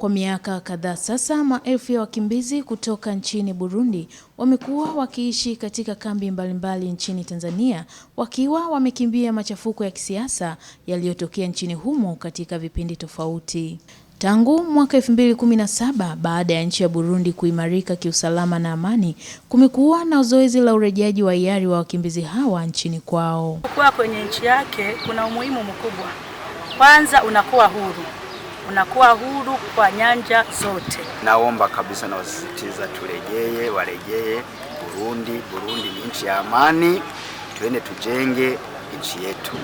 Kwa miaka kadhaa sasa, maelfu ya wakimbizi kutoka nchini Burundi wamekuwa wakiishi katika kambi mbalimbali mbali nchini Tanzania wakiwa wamekimbia machafuko ya kisiasa yaliyotokea nchini humo katika vipindi tofauti. Tangu mwaka 2017 baada ya nchi ya Burundi kuimarika kiusalama na amani, kumekuwa na zoezi la urejeaji wa hiari wa wakimbizi hawa nchini kwao. Kuwa kwenye nchi yake kuna umuhimu mkubwa. Kwanza unakuwa huru unakuwa huru kwa nyanja zote. Naomba kabisa, nawasisitiza turejee, warejee Burundi. Burundi ni nchi ya amani, tuende tujenge nchi yetu.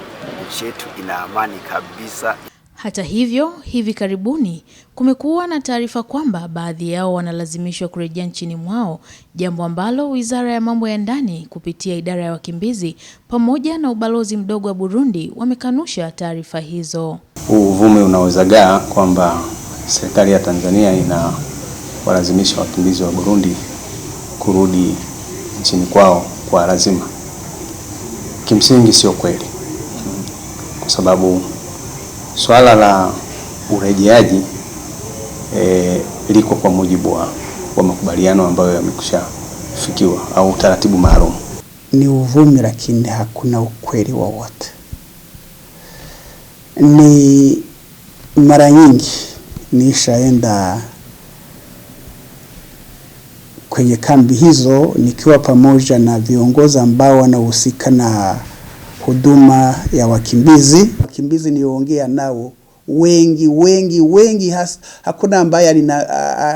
Nchi yetu ina amani kabisa. Hata hivyo, hivi karibuni kumekuwa na taarifa kwamba baadhi yao wanalazimishwa kurejea nchini mwao, jambo ambalo Wizara ya Mambo ya Ndani kupitia Idara ya Wakimbizi pamoja na Ubalozi mdogo wa Burundi wamekanusha taarifa hizo. Huu uvumi unawezagaa kwamba serikali ya Tanzania ina walazimisha wakimbizi wa Burundi kurudi nchini kwao kwa lazima, kimsingi sio kweli, kwa sababu Swala la urejeaji e, liko kwa mujibu wa, wa makubaliano ambayo yamekushafikiwa au utaratibu maalum. Ni uvumi lakini hakuna ukweli wowote. Ni mara nyingi nishaenda kwenye kambi hizo nikiwa pamoja na viongozi ambao wanahusika na huduma ya wakimbizi. Wakimbizi niliongea nao wengi wengi wengi has, hakuna ambaye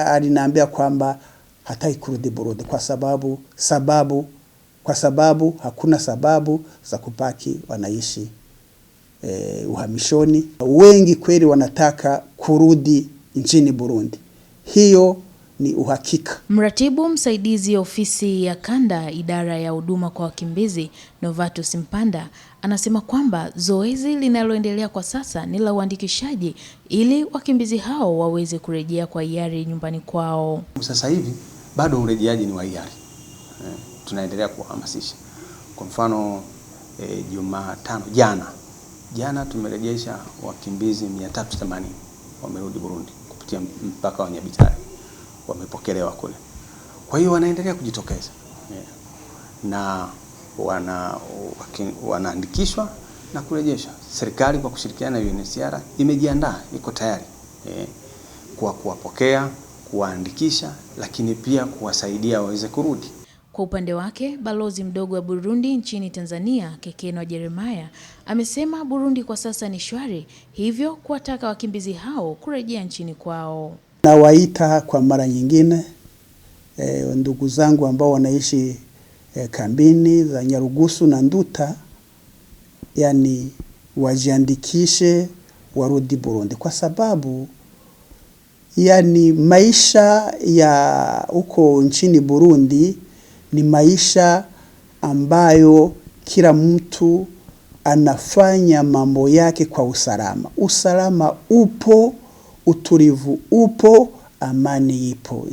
alinaambia kwamba hatai kurudi Burundi kwa sababu sababu kwa sababu hakuna sababu za kubaki wanaishi e, uhamishoni. Wengi kweli wanataka kurudi nchini Burundi. Hiyo ni uhakika. Mratibu msaidizi ofisi ya kanda idara ya huduma kwa wakimbizi Novatus Mpanda anasema kwamba zoezi linaloendelea kwa sasa ni la uandikishaji ili wakimbizi hao waweze kurejea kwa hiari nyumbani kwao. Sasa hivi bado urejeaji ni wa hiari eh, tunaendelea kuwahamasisha. Kwa mfano e, Jumatano jana jana tumerejesha wakimbizi 380 wamerudi Burundi kupitia mpaka wa Nyabitari wamepokelewa kule. Kwa hiyo wanaendelea kujitokeza na wana wanaandikishwa na kurejeshwa. Serikali kwa kushirikiana na UNHCR imejiandaa, iko tayari kwa kuwapokea, kuwaandikisha, lakini pia kuwasaidia waweze kurudi. Kwa upande wake balozi mdogo wa Burundi nchini Tanzania Kekeno jeremaya amesema Burundi kwa sasa ni shwari, hivyo kuwataka wakimbizi hao kurejea nchini kwao. Nawaita kwa mara nyingine e, ndugu zangu ambao wanaishi e, kambini za Nyarugusu na Nduta, yani wajiandikishe warudi Burundi, kwa sababu yani maisha ya huko nchini Burundi ni maisha ambayo kila mtu anafanya mambo yake kwa usalama. Usalama upo utulivu upo, amani ipo.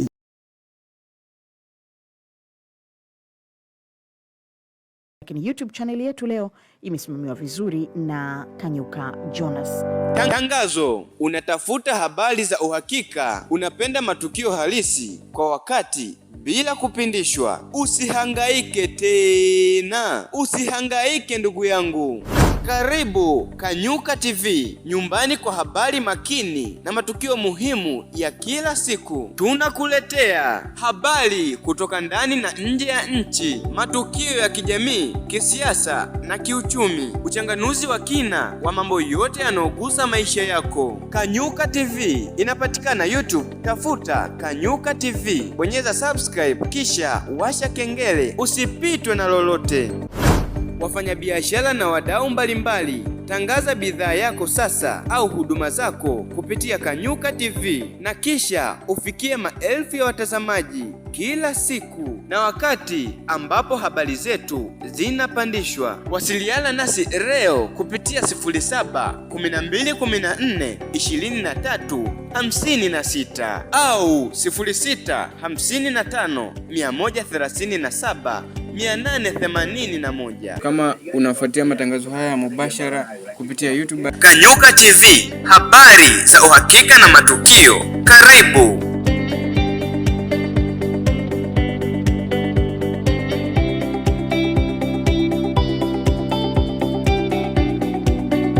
Lakini YouTube chaneli yetu leo imesimamiwa vizuri na Kanyuka Jonas. Tangazo: unatafuta habari za uhakika, unapenda matukio halisi kwa wakati bila kupindishwa. Usihangaike tena, usihangaike ndugu yangu. Karibu Kanyuka TV, nyumbani kwa habari makini na matukio muhimu ya kila siku. Tunakuletea habari kutoka ndani na nje ya nchi, matukio ya kijamii, kisiasa na kiuchumi, uchanganuzi wa kina wa mambo yote yanayogusa maisha yako. Kanyuka TV inapatikana YouTube, tafuta Kanyuka TV, bonyeza subscribe, kisha washa kengele, usipitwe na lolote wafanyabiashara na wadau mbalimbali. Tangaza bidhaa yako sasa au huduma zako kupitia Kanyuka TV na kisha ufikie maelfu ya watazamaji kila siku na wakati ambapo habari zetu zinapandishwa. Wasiliana nasi leo kupitia 0712142356 au 06 137 881. Kama unafuatia matangazo haya mubashara kupitia YouTube Kanyuka TV, habari za uhakika na matukio. Karibu.